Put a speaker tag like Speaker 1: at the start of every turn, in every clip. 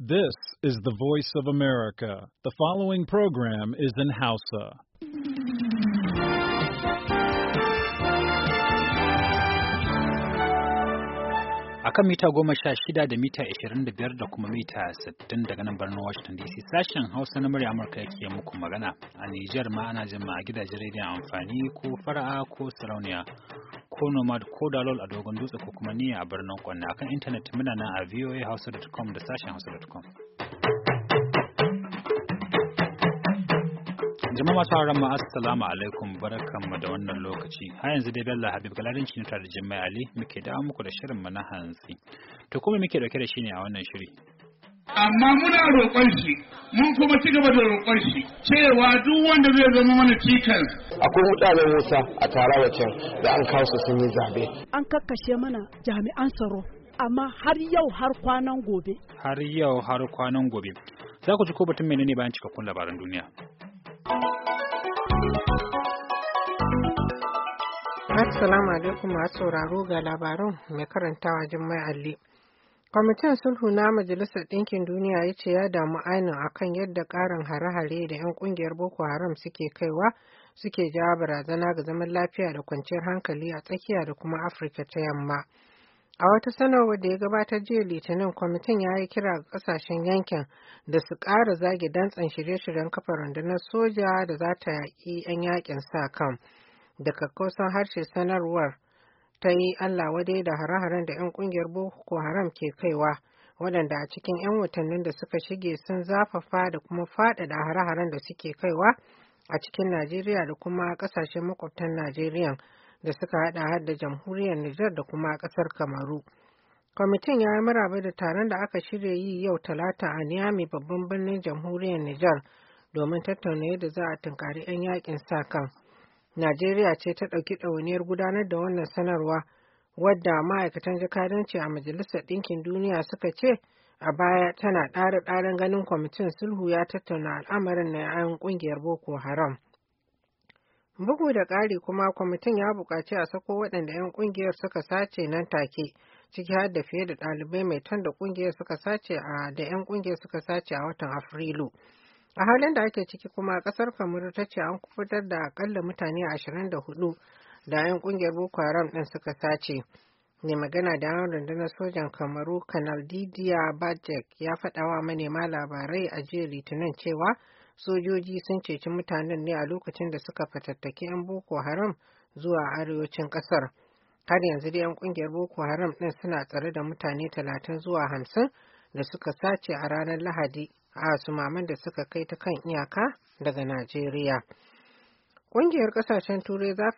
Speaker 1: This is the voice of America. The following program is in Hausa. Akan mita goma sha shida da mita ashirin da biyar da kuma mita sittin daga nan birnin Washington DC sashen Hausa na murya Amurka yake muku magana. A Nijar ma ana jin ma a gidajen rediyon amfani ko fara'a ko sarauniya ko nomad ko dalol a dogon dutse ko kuma niyya a birnin kwanne akan intanet muna nan a voahouse.com da sashen hausa.com jama'a masu sauran ma assalamu alaikum mu da wannan lokaci har yanzu dai Bello Habib galadin ne tare da Jummai Ali muke dawo muku da shirin mu na to kuma muke dauke da shi ne a wannan shiri
Speaker 2: amma muna roƙon shi mun kuma ci gaba da roƙon shi cewa duk wanda zai zama mana cikin
Speaker 3: Akwai mutane Musa a tara can da an kawo su sun yi zabe.
Speaker 2: An
Speaker 4: kakkashe mana jami'an tsaro amma har yau har kwanan gobe.
Speaker 3: Har yau
Speaker 1: har kwanan gobe. Za ku ji ko batun menene bayan cikakkun labaran duniya.
Speaker 5: Assalamu alaikum masu sauraro ga labaran mai karantawa Jummai Ali. Kwamitin Sulhu na Majalisar Ɗinkin Duniya ya ce ya damu a kan yadda ƙarin hare-hare da 'yan ƙungiyar Boko Haram suke kaiwa suke jawo barazana ga zaman lafiya da kwanciyar hankali a tsakiya da kuma Afirka ta yamma. A wata sanarwa da ya gabatar jiya Litinin kwamitin ya yi kira ga ƙasashen yankin da su ƙara zage dantsan shirye-shiryen kafa rundunar soja da za ta yaƙi 'yan yaƙin sa kan. Da kakkausan harshe sanarwar ta yi Allah wadai da hare-haren da 'yan kungiyar Boko Haram ke kaiwa, waɗanda a cikin 'yan watannin da suka shige sun zafafa da kuma faɗaɗa hare-haren da suke kaiwa a cikin Najeriya da kuma ƙasashen makwabtan Najeriya da suka haɗa har da jamhuriyar Nijar da kuma ƙasar Kamaru. Kwamitin ya yi maraba da taron da aka shirya yi yau Talata a Niamey babban birnin jamhuriyar Nijar domin tattauna yadda za a tunkari 'yan yakin sa kan. Najeriya ce ta ɗauki ɗawainiyar gudanar da wannan sanarwa wadda ma'aikatan jakadanci a Majalisar Ɗinkin Duniya suka ce a baya tana ɗara ɗaran ganin kwamitin sulhu ya tattauna al'amarin na 'ya'yan ƙungiyar Boko Haram. Bugu da ƙari kuma kwamitin ya buƙaci a sako waɗanda 'yan ƙungiyar suka sace nan take ciki har da fiye da ɗalibai mai tanda ƙungiyar suka 'yan ƙungiyar suka sace a watan Afrilu. a halin da ake ciki kuma kasar kamaru ta ce an kufutar da akalla mutane 24 da 'yan kungiyar boko haram din suka sace mai magana da yawon rundunar sojan kamaru kanal didiya bajek ya faɗawa manema labarai a jiya litinin cewa sojoji sun ceci mutanen ne a lokacin da suka fatattaki 'yan boko haram zuwa arewacin kasar har yanzu da 'yan kungiyar boko haram ɗin suna tsare da mutane 30 zuwa 50 da suka sace a ranar lahadi a sumaman da suka kai ta kan iyaka daga Najeriya. Ƙungiyar ƙasashen Turai za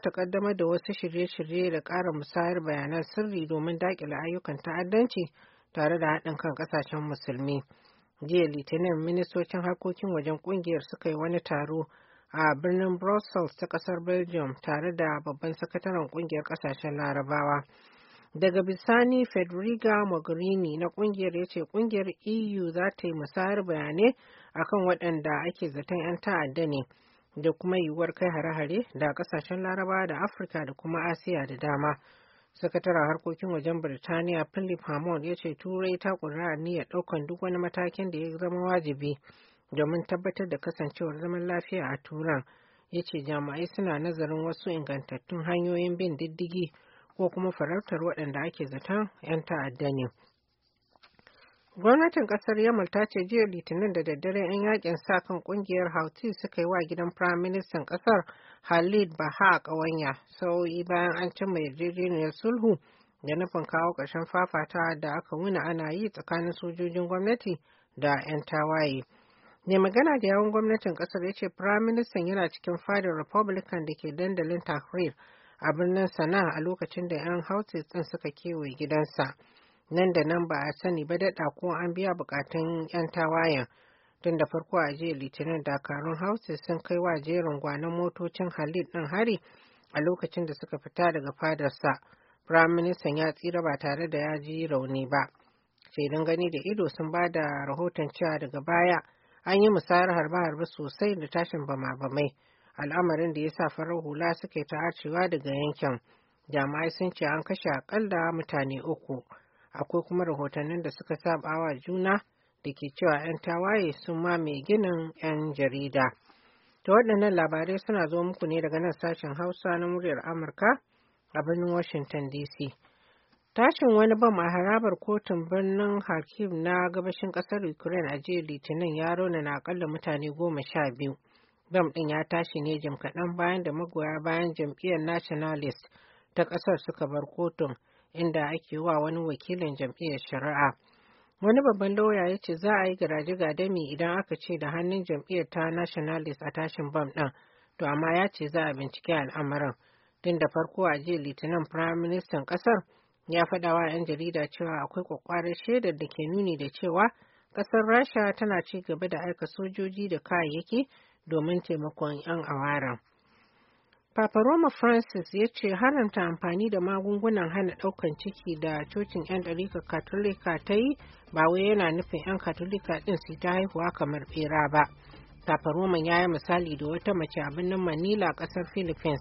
Speaker 5: ta ƙaddamar da wasu shirye-shirye da ƙara musayar bayanan sirri domin daƙile ayyukan ta'addanci tare da haɗin kan ƙasashen musulmi. Jiya Litinin ministocin harkokin wajen ƙungiyar suka yi wani taro a birnin Brussels ta ƙasar Belgium tare da babban sakataren ƙungiyar ƙasashen Larabawa. daga bisani federica mogherini na kungiyar ya ce kungiyar eu za ta yi musayar bayanai akan waɗanda ake zaton 'yan ta'adda ne da kuma yiwuwar kai hare-hare da kasashen laraba da afirka da kuma asiya da dama sakataren harkokin wajen birtaniya philip hammond ya ce turai ta ƙura niyyar ɗaukan duk wani matakin da ya zama wajibi domin tabbatar da kasancewar zaman lafiya a turan ya ce jami'ai suna nazarin wasu ingantattun hanyoyin bin diddigi ko kuma farautar waɗanda ake zaton 'yan ta'adda ne. Gwamnatin ƙasar Yamal ta ce jiya Litinin da daddare 'yan yakin sa kan ƙungiyar hauti suka yi wa gidan Firaministan ƙasar Khalid Baha a ƙawanya sauyi bayan an cimma yarjejeniyar sulhu da nufin kawo ƙarshen fafata da aka wuna ana yi tsakanin sojojin gwamnati da 'yan tawaye. Mai magana da yawon gwamnatin ƙasar ya ce Firaministan yana cikin fadar Republican da ke dandalin Tahrir a birnin sana a lokacin da 'yan Hausa ɗin suka kewaye gidansa nan da nan ba a sani ba daɗa ko an biya bukatun 'yan tawayen tun da farko a jiya litinin dakarun Hausa sun kai wa jerin gwanon motocin halid ɗin hari a lokacin da suka fita daga fadarsa firaministan ya tsira ba tare da ya ji rauni ba shaidun gani da ido sun ba da rahoton cewa daga baya an yi musayar harbe harba sosai da tashin bama-bamai al'amarin da ya sa farar hula suke ta arcewa daga yankin jama'ai sun ce an kashe akalla mutane uku akwai kuma rahotannin da suka saba wa juna da ke cewa 'yan tawaye sun mai ginin 'yan jarida Ta waɗannan labarai suna zo muku ne daga nan sashen hausa na muryar amurka a birnin washington dc tashin wani bam a harabar kotun birnin kharkiv na gabashin ƙasar ukraine a jiya litinin ya na akalla mutane goma sha biyu bam ɗin ya tashi ne jim kaɗan bayan da magoya bayan jam'iyyar nationalist ta ƙasar suka bar kotun inda ake wa wani wakilin jam'iyyar shari'a wani babban lauya ya ce za a yi garaje-gadami idan aka ce da hannun jam'iyyar ta nationalist a tashin bam ɗin to amma ya ce za a bincike al'amarin tun da farko a jiya litinin firayim ministan ƙasar ya faɗa wa 'yan jarida cewa akwai ƙwaƙwarar shaidar da ke nuni da cewa ƙasar rasha tana ci gaba da aika sojoji da kayayyaki domin taimakon 'yan awara. Papa Roma Francis ya ce haramta amfani da magungunan hana ɗaukan ciki da cocin 'yan ɗarika Katolika ta yi ba wai yana nufin 'yan Katolika ɗin su ta haihuwa kamar bera ba. Papa Roma ya yi misali da wata mace a birnin Manila ƙasar Philippines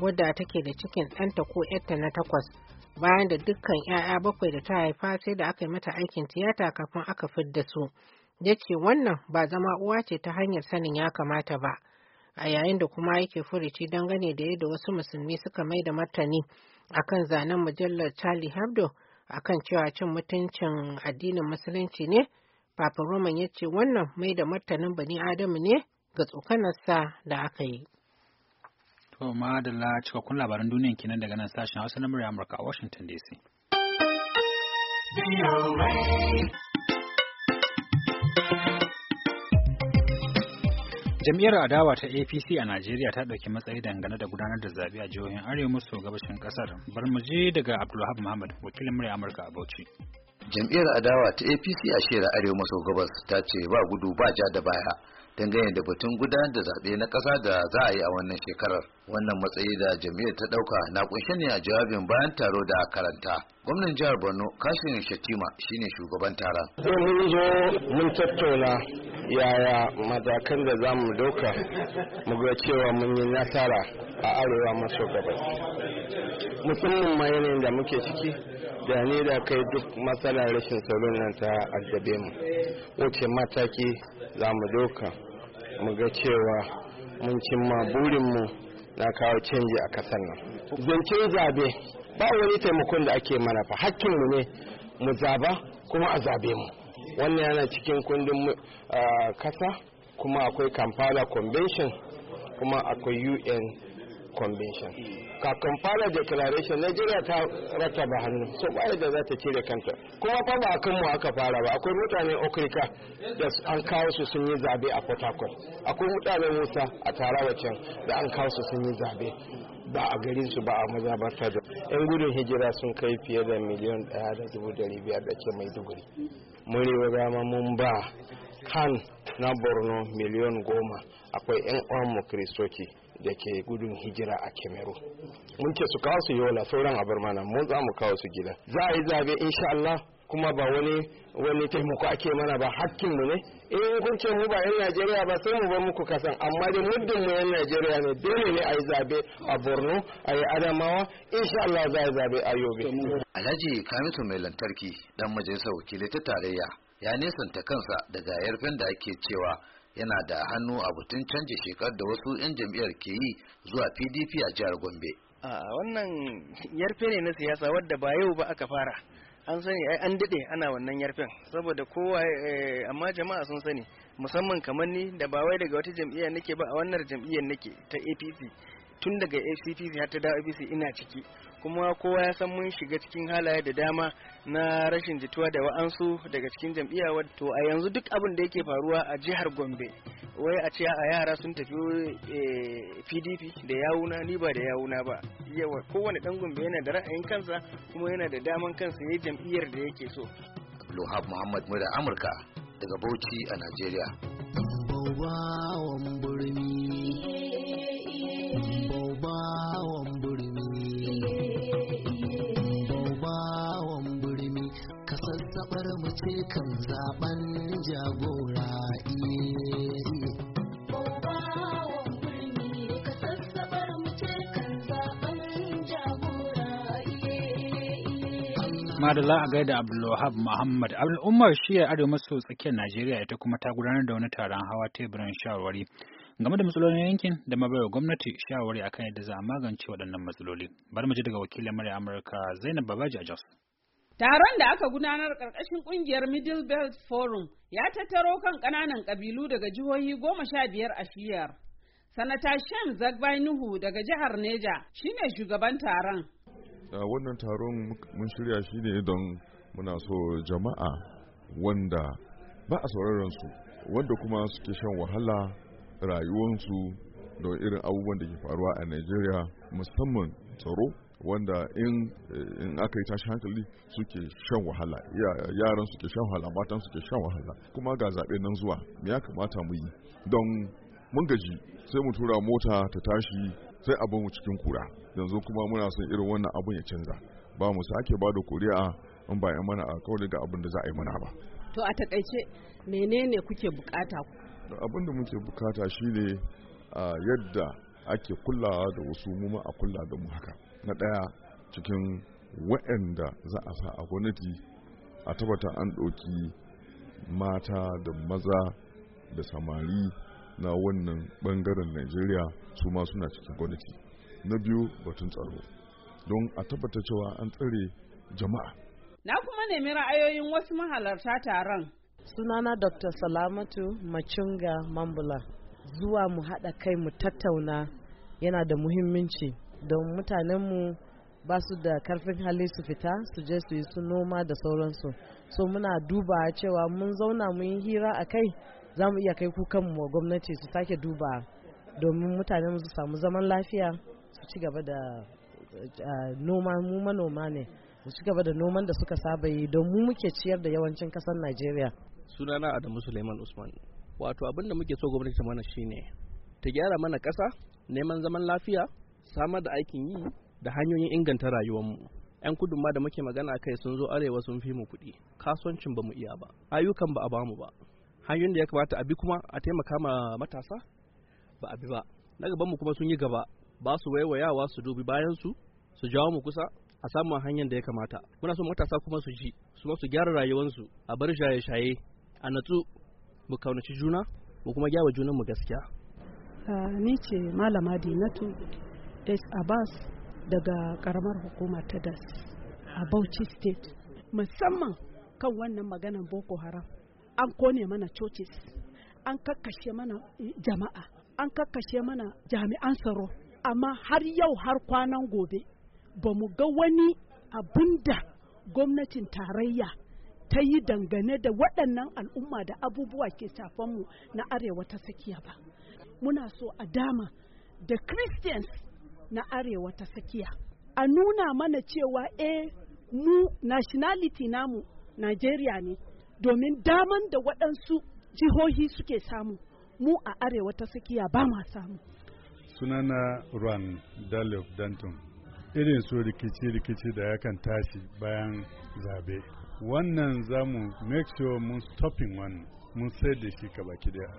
Speaker 5: wadda take da cikin ɗanta ko ‘yarta na takwas bayan da dukkan ‘ya'ya bakwai da ta haifa sai da aka yi mata aikin tiyata kafin aka fidda su ya ce wannan ba zama uwa ce ta hanyar sanin ya kamata ba a yayin da kuma yake furuci gane da yadda wasu musulmi suka mai da martani akan zanen mujallar charlie hebdo akan cewa cin mutuncin addinin musulunci ne papa roman ya ce wannan mai da martanin bani adamu ne ga tsokanarsa da aka yi
Speaker 1: to madalla cikakkun labaran duniyan kenan daga nan sashen hausa na murya amurka a washington dc Jam'iyyar adawa ta APC a Najeriya ta ɗauki matsayi dangane da gudanar da zaɓe a jihohin Arewa maso gabashin ƙasar. Bar mu je daga Abdulwahab Muhammad, wakilin murya Amurka a Bauchi.
Speaker 6: Jam'iyyar adawa ta APC a shera Arewa maso gabas ta ce ba gudu ba ja da baya dangane da batun gudanar da zaɓe na ƙasa da za a yi a wannan shekarar wannan matsayi da jami'ar ta ɗauka na kunshe ne a jawabin bayan taro da karanta gwamnan jihar borno kashin shatima shine shugaban taron mun zo
Speaker 2: mun tattauna yaya
Speaker 3: matakan da za mu ɗauka mu ga cewa mun yi nasara a arewa maso gabas musamman ma yanayin da muke ciki da ne da kai duk matsalar rashin tsaron nan ta addabe mu wace mataki za mu doka mu ga cewa mun cimma burinmu na kawo canji a kasar nan zance zabe ba wani taimakon da ake mana fa hakkinmu ne mu zaba kuma a zabe mu wannan yana cikin kundin kasa ah, kuma akwai kampala convention kuma akwai un convention kakan fara declaration Najeriya ta rattaba hannu so ba da za ta cire kanta kuma fa ba kan mu aka fara ba akwai mutanen Okrika da an kawo su sun yi zabe a Port Harcourt akwai mutanen Musa a Tarawa can da an kawo su sun yi zabe ba a garin su ba a mazabarta da yan gudun hijira sun kai fiye da miliyan daya da dubu dari biyar da ke mai duguri murewa gama mun ba kan na borno miliyan goma akwai yan uwan mu kristoci da ke gudun hijira a kemero mun ce su kawo su yola sauran abar mana mun za mu kawo su gida za a yi zabe insha Allah kuma ba wani wani taimako ake mana ba mu ne in kun ce mu ba yan Najeriya ba sai mu bar muku kasan amma da muddin mu yan Najeriya ne dole ne a yi zabe a Borno a yi Adamawa insha Allah za a yi zabe a
Speaker 6: Yobe Alhaji Kamisu mai lantarki dan majalisar wakilai ta tarayya ya nesanta kansa daga yarfen da ake cewa yana da hannu a butun canji shekar da wasu 'yan jam'iyyar ke yi zuwa pdp a jihar gombe
Speaker 3: a wannan yarfe ne na siyasa
Speaker 7: wadda ba yau ba aka fara an sani ai an daɗe ana wannan yarfen saboda kowa eh, amma jama'a sun sani musamman kamar ni da ba wai daga wata jam'iyya nake ba a wannan jam'iyyar nake ta apc tun daga ACTC har ta dawo abc ina ciki kuma kowa ya san mun shiga cikin halaye da dama na rashin jituwa da wa'ansu daga cikin jam'iyya wato a yanzu duk abin da yake faruwa a jihar Gombe wai a ce a yara sun tafi PDP eh, da yawuna ni ba da yawuna ba yawa kowane dan Gombe yana da ra'ayin kansa kuma yana da daman kansa yayin jam'iyyar da yake so
Speaker 6: Lohab Muhammad Mura Amurka daga Bauchi a Najeriya. birni
Speaker 2: kan zaben jagora eh. Madala a
Speaker 1: gaida Abdulwahab Muhammad al'ummar shiya arewa maso tsakiyar Najeriya ita kuma ta gudanar da wani taron hawa teburin shawarwari game da matsalolin yankin da baiwa gwamnati shawarwari akan yadda za a magance waɗannan matsaloli. Bari mu ji daga wakilin murya Amurka Zainab Babaji a Jos.
Speaker 4: Taron da aka gudanar ƙarƙashin ƙungiyar Middle Belt Forum ya tattaro kan ƙananan ƙabilu daga jihohi goma sha biyar a shiyar. Sanata Shem Zagbai Nuhu daga jihar Neja shine shugaban taron.
Speaker 8: Wannan taron mun shirya shi ne don muna so jama'a wanda ba a sauraron su wanda kuma suke shan wahala rayuwansu da irin abubuwan da ke faruwa a nigeria musamman tsaro wanda eh, in aka yi tashi hankali suke shan wahala yaran suke shan wahala matan suke shan wahala kuma ga zaɓe nan zuwa me ya kamata mu yi don mun gaji sai mu tura mota ta tashi sai abin mu cikin kura yanzu kuma muna son irin wannan abin ya canza ba mu sake ba da kuri'a in ba mana a kawai ga abin da za a yi mana ba
Speaker 2: to a takaice
Speaker 4: menene kuke bukata
Speaker 8: abin da muke bukata shine ah, yadda ake kullawa da wasu mu a kulla da mu haka na ɗaya cikin waɗanda za a sa a gwamnati a tabbata an ɗauki mata da maza da samari na wannan ɓangaren najeriya su ma suna cikin gwamnati na biyu batun tsaro don a tabbata cewa an tsare jama'a
Speaker 4: na kuma nemi ra'ayoyin wasu mahalarta taron sunana dr salamatu macunga mambula zuwa mu haɗa kai mu tattauna yana da muhimmanci don mutanenmu ba su da karfin hali su fita su je su yi su noma da sauransu so muna duba cewa mun zauna mun yi hira a kai za mu iya kai kukanmu wa gwamnati su sake duba domin mutanenmu su samu zaman lafiya su ci gaba da noma mu manoma ne su ci gaba da noman da suka saba yi don mu muke ciyar da yawancin kasar najeriya
Speaker 7: sunana adamu suleiman usman wato abin muke so gwamnati ta mana shine ta gyara mana kasa neman zaman lafiya samar da aikin yi da hanyoyin inganta rayuwarmu yan kudun ma da muke magana kai sun zo arewa sun fi mu kuɗi kasuwancin ba mu iya ba ayyukan ba a bamu ba hanyoyin da ya kamata a bi kuma a taimaka ma matasa ba a bi ba na gaban mu kuma sun yi gaba ba su waiwayawa su dubi bayan su su jawo mu kusa a samun hanyar da ya kamata muna so matasa kuma su ji su su gyara rayuwarsu a bar shaye-shaye a natsu mu kaunaci juna mu kuma gyara mu gaskiya
Speaker 4: ah, ni ce malama dinatu S. Abbas daga karamar hukuma ta DAS a Bauchi State musamman kan wannan maganan Boko Haram an kone mana churches an kakkashe mana eh, jama'a an kakkashe mana jami'an tsaro amma har yau har kwanan gobe ba mu ga wani abun da gwamnatin tarayya ta yi dangane da waɗannan al'umma da abubuwa ke mu na arewa ta tsakiya ba muna so a dama da christians na arewa ta tsakiya a nuna mana cewa eh mu nationality namu Najeriya ne domin daman da waɗansu jihohi suke samu mu a arewa ta tsakiya ba ma samu
Speaker 8: sunana ruwan dalif danton irin su rikici-rikici da yakan tashi bayan zabe wannan zamu make sure mun stopping wani mun sai da shi baki daya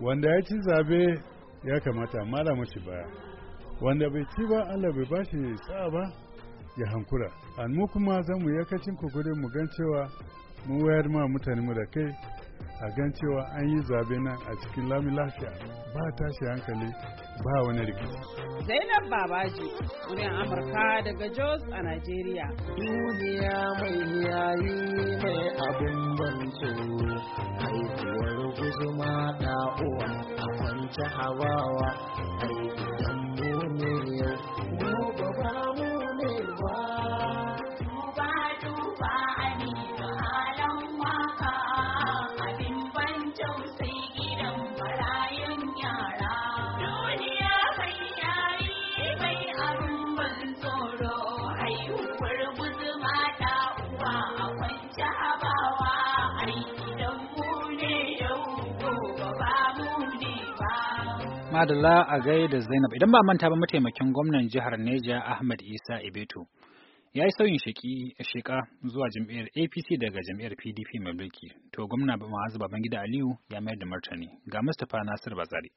Speaker 8: wanda ya ci zabe ya kamata mara mashi baya wanda bai ci ba Allah bai bashi sa'a ba ya hankura an mu kuma za mu ku kokarin mu gan cewa mu wayar ma mutane mu da kai a gan cewa an yi zabe nan a cikin lami lafiya ba tashi hankali ba wani rikici.
Speaker 4: Zainab Babaji, wani Amurka daga Jos a Najeriya.
Speaker 2: Duniya mai yayi mai abin banto, haihuwar guzuma da uwa a kwanci hawawa, haihuwar Madalla
Speaker 1: a da Zainab idan ba manta ba mataimakin gwamnan jihar Neja Ahmad Isa Ibeto ya yi sauyin shika zuwa jam'iyyar APC daga jam'iyyar PDP mai mulki to gwamna Ma'azu Babangida Aliyu ya mayar da martani ga Mustapha Nasir Bazari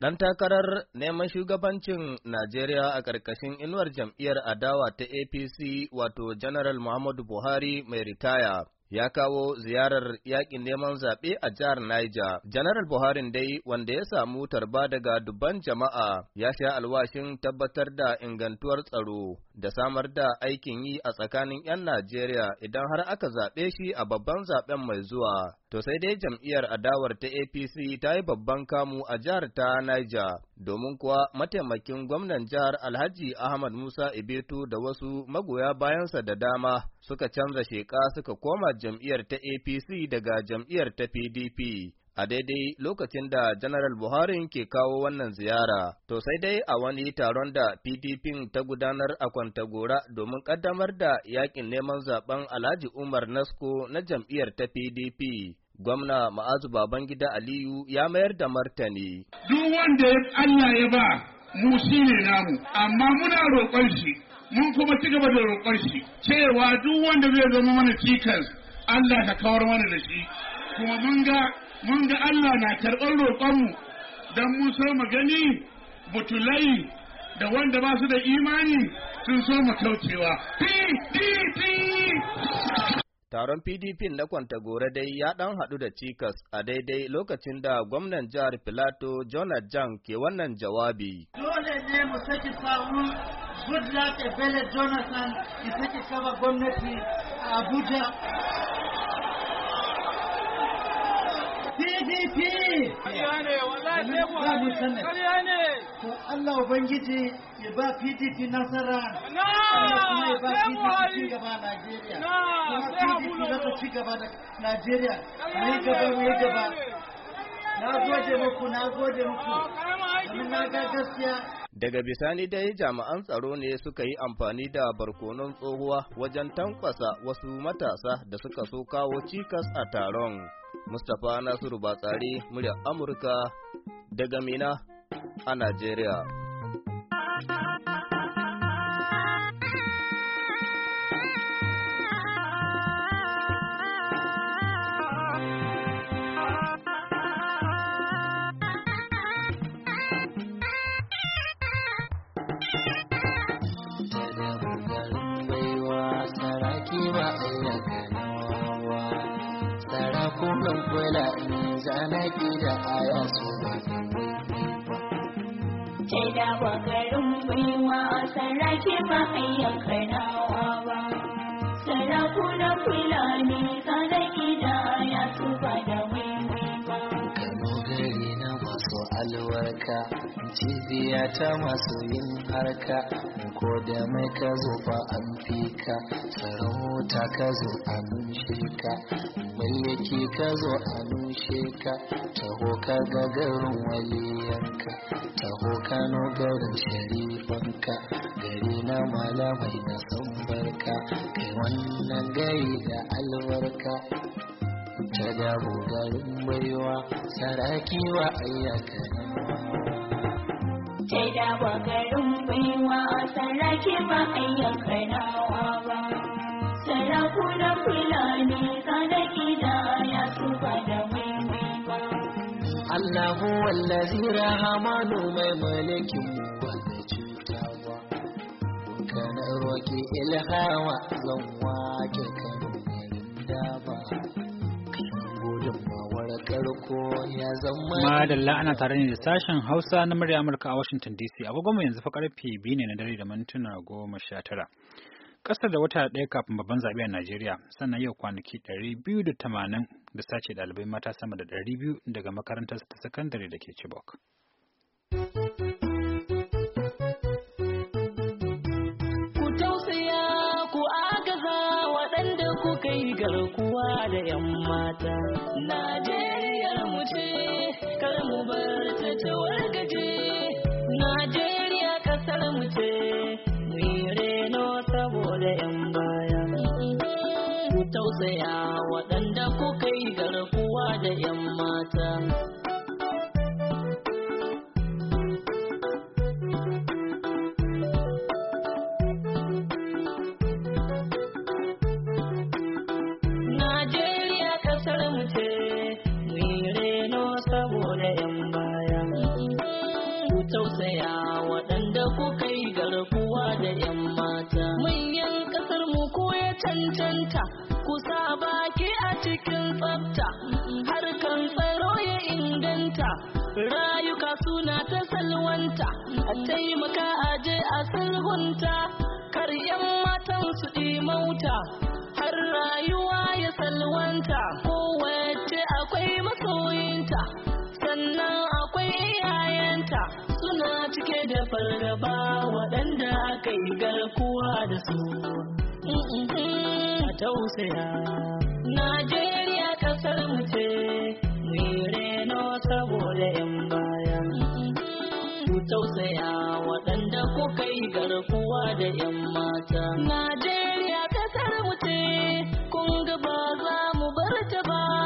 Speaker 1: Dan
Speaker 7: takarar neman shugabancin Najeriya a ƙarƙashin inuwar jam'iyyar adawa ta APC wato General Muhammadu Buhari mai ritaya ya kawo ziyarar yakin neman zaɓe a jihar Niger. Janaral Buhari dai wanda ya samu tarba daga dubban jama'a ya sha alwashin tabbatar da ingantuwar tsaro da samar da aikin yi a tsakanin 'yan Najeriya idan har aka zaɓe shi a babban zaɓen mai zuwa. To sai dai jam'iyyar adawar ta APC ta yi babban kamu a jihar ta Niger, domin kuwa mataimakin gwamnan jihar Alhaji Ahmad Musa Ibetu da wasu magoya bayansa da dama suka canza sheka suka koma jam'iyyar ta APC daga jam'iyyar ta PDP. a daidai lokacin da General Buhari ke kawo wannan ziyara. To sai dai a wani taron da PDP ta gudanar a Kwantagora domin ƙaddamar da yakin neman zaben Alhaji Umar Nasko na jam'iyyar ta PDP. Gwamna Ma'azu Babangida Aliyu ya mayar da martani.
Speaker 2: Duk wanda Allah ya ba mu shi ne namu, amma muna roƙon shi mun kuma ci gaba da roƙon shi cewa duk wanda zai zama mana cikas Allah ka kawar mana da shi kuma mun ga mun ga Allah na karɓar roƙonmu dan mun so mu gani butulai da wanda ba su da imani sun so mu kaucewa PDP
Speaker 7: Taron PDP na kwanta gore dai ya ɗan haɗu da cikas a daidai lokacin da gwamnan jihar Filato Jonathan ke wannan jawabi.
Speaker 2: Dole ne mu saki sawu goodluck ebele jonathan ki sake kafa gwamnati a abuja PDP! Ƙarya ne, Ubangiji ya nasara, kuma na ga gaskiya
Speaker 7: Daga bisani dai jami'an tsaro ne suka yi amfani da barkonon tsohuwa wajen tankwasa wasu matasa da suka so kawo cikas a taron. Mustapha Nasiru Batsari, murya Amurka, daga Mina a Najeriya.
Speaker 2: naki da kaya su ke da bakarin a sarrake ba ayyan karnawa ba na fulani sadaki alwarka cibiya ta masu yin harka ko da mai ka zo fa an fi ka sarauta ka zo a nushe ka mallaki ka zo a nushe ka taho ka ga garin waliyanka taho kano garin sharifanka gari na malamai na sun barka kai wannan gari da alwarka. ta dabo garin baiwa saraki wa ayyaka ta dabo garin baiwa saraki ba ayyaka nawa ba sarakuna fulani ya da mai malikin mu da cuta ba kana roki ilhawa zan Madalla ana
Speaker 1: tare ne da sashen Hausa na murya Amurka a Washington DC. Agogonmu yanzu fa karfe biyu ne na dare da mintuna goma sha tara. Ƙasar da wata ɗaya kafin babban zaɓe a Najeriya, sannan yau kwanaki ɗari biyu da tamanin da sace ɗalibai mata sama da ɗari biyu daga makarantar ta sakandare da ke Chibok.
Speaker 2: Ku tausaya ku agaza waɗanda da 'yan mata. Najeriya. kar mu bar ta ta wargaje Najeriya kasar mu ce mu yi reno saboda yan baya ku tausaya waɗanda kuka yi garkuwa da yan mata rayuka suna ta salwanta a taimaka aje a sulhunta kar yan matan su mauta har rayuwa ya salwanta kowace akwai masoyinta sannan akwai iyayenta suna cike da fargaba waɗanda aka yi garkuwa da su a tausaya garkuwa da 'yan mata. Najeriya ƙasar mu ce, kun ga ba za mu bar ta ba.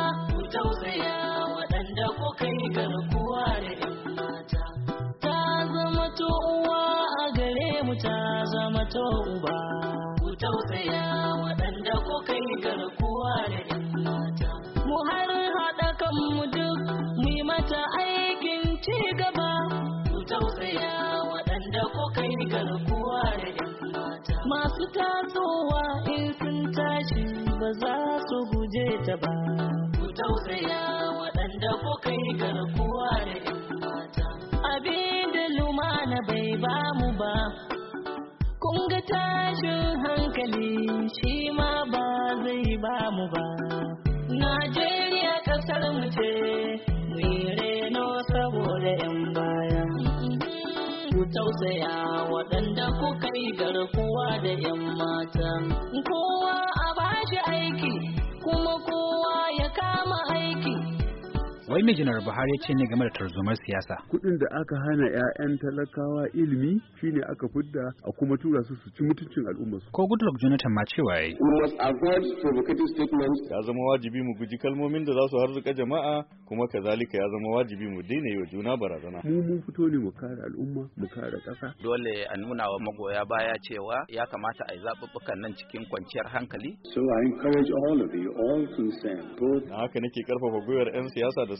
Speaker 2: kowa in sun tashi ba za su guje ta ba ku tausaya waɗanda kuka yi garkuwa da yan mata abinda lumana bai ba mu ba kun ga tashin hankali shi ma ba zai ba mu ba najeriya ƙasar mu ce mu yi reno saboda yan tausaya waɗanda kuka yi garkuwa da 'yan mata. Kowa a bashi aiki kuma ku
Speaker 1: Wai mai janar Buhari ya ce ne game da tarzomar siyasa.
Speaker 8: Kuɗin da aka hana 'ya'yan talakawa ilimi shine aka fudda a kuma tura su su ci mutuncin su. Ko Goodluck Jonathan ma cewa yayi. Ya zama wajibi mu guji kalmomin da za su harzuka jama'a kuma kazalika ya zama wajibi mu daina yiwa juna barazana. Mu mun fito ne mu kare al'umma mu kare kasa
Speaker 7: Dole a nuna wa magoya baya cewa ya kamata a yi zaɓuɓɓukan
Speaker 8: nan cikin kwanciyar hankali. So I encourage all of you all to Na Haka nake karfafa gwiwar 'yan siyasa da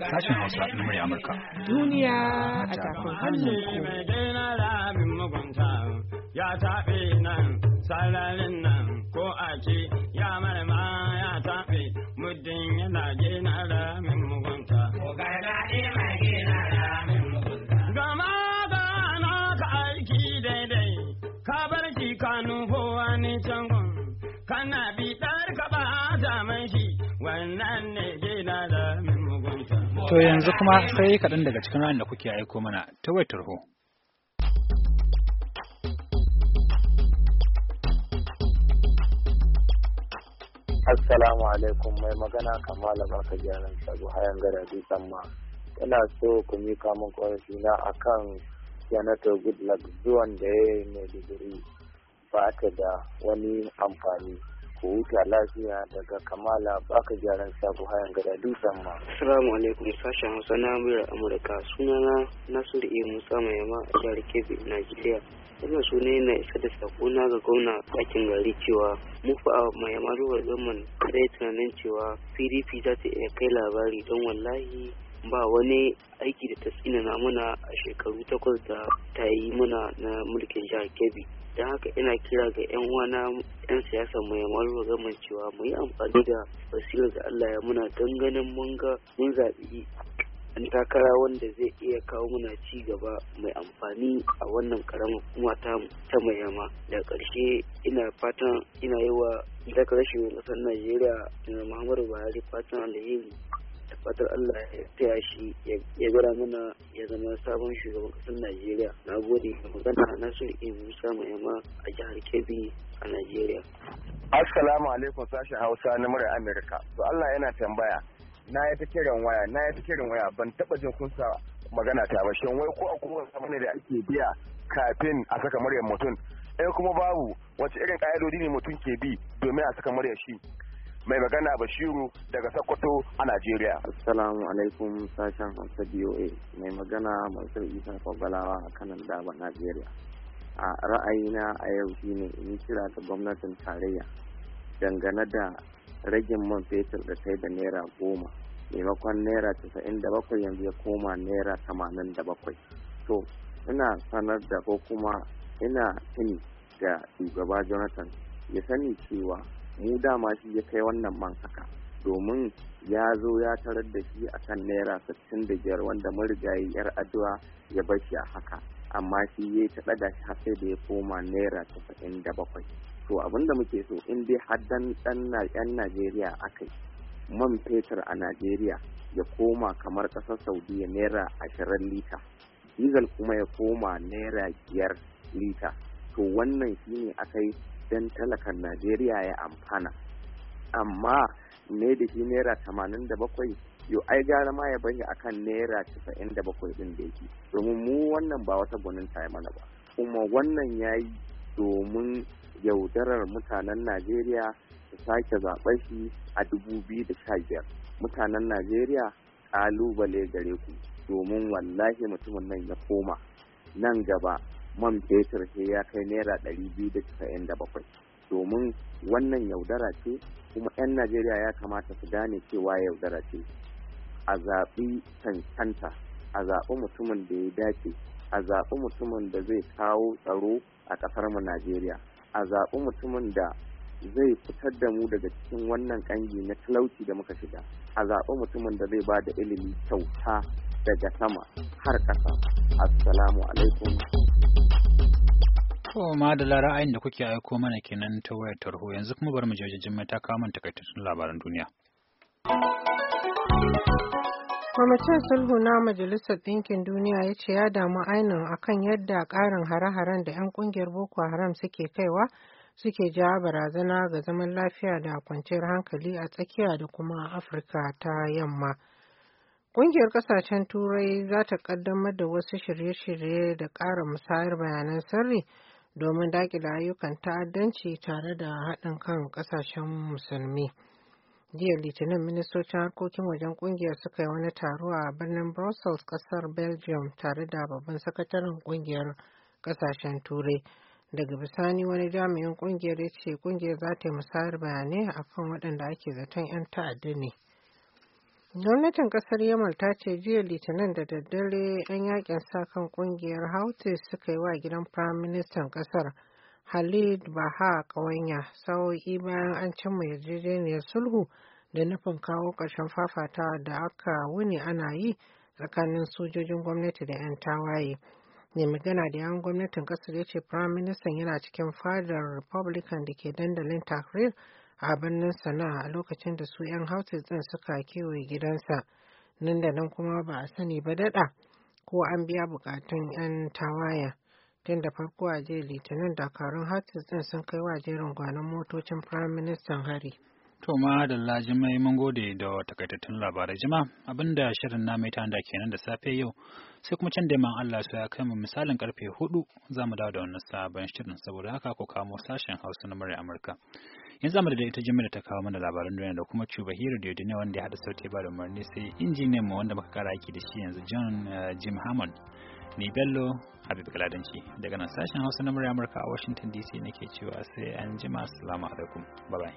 Speaker 3: Sashen Hausa na murya Amurka.
Speaker 2: Duniya a tafin hannun ku.
Speaker 3: Ya taɓe nan, nan, ko a ce ya ya taɓe muddin yana gina da To yanzu kuma
Speaker 1: sai kaɗan daga cikin ra'ayin da kuke aiko mana ta waitar ho.
Speaker 6: Assalamu alaikum mai magana kamala barka gyaran sabu hayan gada dutsen ma. Ina so ku mi min ƙorafi na akan Janitor Goodluck zuwan da ya yi mai digiri ba ta da wani amfani. ku huta lafiya daga kamala baka gyaran sabu hayan gada dutsen ma. Assalamu alaikum sashen Hausa na Amurka sunana Nasiru E Musa mai yama a jihar Kebbi Najeriya. yana suna yana isa da sakona ga gwamna ɗakin gari cewa mufa a mai yama zaman kada ya tunanin cewa PDP za ta iya kai labari don wallahi ba wani aiki da ta tsinana muna a shekaru takwas da ta yi muna na mulkin jihar Kebbi. don haka ina kira ga 'yan wana 'yan siyasa mu ya maru cewa mu amfani da basirar da Allah ya muna don ganin mun ga mun zaɓi an takara wanda zai iya kawo muna ci gaba mai amfani a wannan karamar kuma ta mayama da ƙarshe ina fatan ina yi wa daga rashin ƙasar najeriya da muhammadu buhari fatan alheri fatar Allah ya taya shi ya gara mana ya zama sabon shugaban kasar Najeriya na
Speaker 3: gode magana na so in musa mai yamma a jihar Kebbi a Najeriya Assalamu alaikum sashen Hausa na murar Amerika to Allah yana tambaya na ya ta kiran waya na ya ta kiran waya ban taba jin kunsa magana ta ba shin wai ko a wani ne da ake biya kafin a saka muryar mutum eh kuma babu wace irin ƙa'idodi ne mutum ke bi domin a saka muryar shi mai magana Bashiru daga Sokoto a Najeriya. Assalamu
Speaker 6: alaikum sashen hamsa doa mai magana Mansur Isa Kwagwalawa a kanan Daba Najeriya. A ra'ayina a yau shine in kira ga gwamnatin tarayya dangane da ragin man fetur da ta da naira goma maimakon naira casa'in da bakwai yanzu ya koma naira tamanin da bakwai. To ina sanar da ko kuma ina tuni ga shugaba Jonathan ya sani cewa mu dama shi ya kai wannan man haka domin ya zo ya tarar da shi a kan naira sittin da biyar wanda marigayi yar addu'a ya bar shi a haka amma shi ya yi taɗa da shi da ya koma naira casa'in da bakwai to abin da muke so in dai har dan ɗan najeriya aka yi man fetur a najeriya ya koma kamar ƙasar saudiya naira ashirin lita diesel kuma ya koma naira biyar lita to wannan shine aka yi don talakan najeriya ya amfana amma ne da shi naira tamanin da bakwai yau ai gara ma ya bari akan naira casa'in da bakwai din da yake domin mu wannan ba wata gwanin ta mana ba kuma wannan ya yi domin yaudarar mutanen najeriya su sake zaɓar shi a dubu biyu da sha biyar mutanen najeriya ƙalubale gare ku domin wallahi mutumin nan ya koma nan gaba man fetur sai ya kai naira ɗari biyu da casa'in da bakwai domin wannan yaudara ce kuma 'yan najeriya ya kamata su gane cewa yaudara ce a zaɓi cancanta a zaɓi mutumin da ya dace a zaɓi mutumin da zai kawo tsaro a ƙasar mu najeriya a zaɓi mutumin da zai fitar da mu daga cikin wannan ƙangi na talauci da muka shiga a zaɓi mutumin da zai ba da ilimi kyauta daga sama har ƙasa assalamu alaikum
Speaker 1: To madala ra'ayin da kuke aiko mana kenan ta wayar tarho yanzu kuma bari mu je wajen jimmai ta kawo takaitattun labaran duniya.
Speaker 5: Kwamitin sulhu na Majalisar Ɗinkin Duniya ya ce ya damu ainihin akan yadda ƙarin hare-haren da 'yan ƙungiyar Boko Haram suke kaiwa suke jawa barazana ga zaman lafiya da kwanciyar hankali a tsakiya da kuma Afirka ta yamma. Ƙungiyar ƙasashen Turai za ta ƙaddamar da wasu shirye-shirye da ƙara musayar bayanan sirri domin daƙile ayyukan ta'addanci tare da haɗin kan ƙasashen musulmi. jiya litinin ministocin harkokin wajen ƙungiyar suka yi wani taro a birnin brussels ƙasar belgium tare da babban sakataren ƙungiyar ƙasashen turai daga bisani wani jami'in ƙungiyar ya ce ƙungiyar za ta yi musayar bayanai akan waɗanda ake zaton 'yan ta'adda ne Gwamnatin kasar Yamal ta ce jiya Litinin da daddare 'yan yakin sa kan kungiyar Houthis suka yi wa gidan Firaministan kasar halid Baha kawanya sa'o'i bayan an cimma yarjejeniyar sulhu da nufin kawo ƙarshen fafata da aka wuni ana yi tsakanin sojojin gwamnati da 'yan tawaye. mai magana da yawan gwamnatin kasar ya ce firaministan yana cikin fadar republican da ke dandalin tahrir a birnin sana'a a lokacin da su 'yan hausa ɗin suka kewaye gidansa nan da nan kuma ba a sani ba daɗa ko an biya bukatun 'yan tawaya tun da farko a jiya litinin dakarun houses ɗin sun kai wa jerin gwanon motocin firaministan hari
Speaker 1: To ma da lajimai mun gode da takaitattun labarai jima abinda shirin na mai tanda kenan da safe yau sai kuma can da man Allah su ya kai mu misalin karfe hudu za mu dawo da wannan sabon shirin saboda haka ku kamo sashen Hausa na murya Amurka. in zama da ita da ta kawo mana labaran duniya da kuma cuba hero da ne wanda ya hada sauti ba da umarni sai injiniyan mu wanda muka kara aiki da shi yanzu john eh, jim hammond ni bello habib galadanci daga nan sashen hausa na murya amurka a washington dc nake cewa sai an jima assalamu alaikum bye bye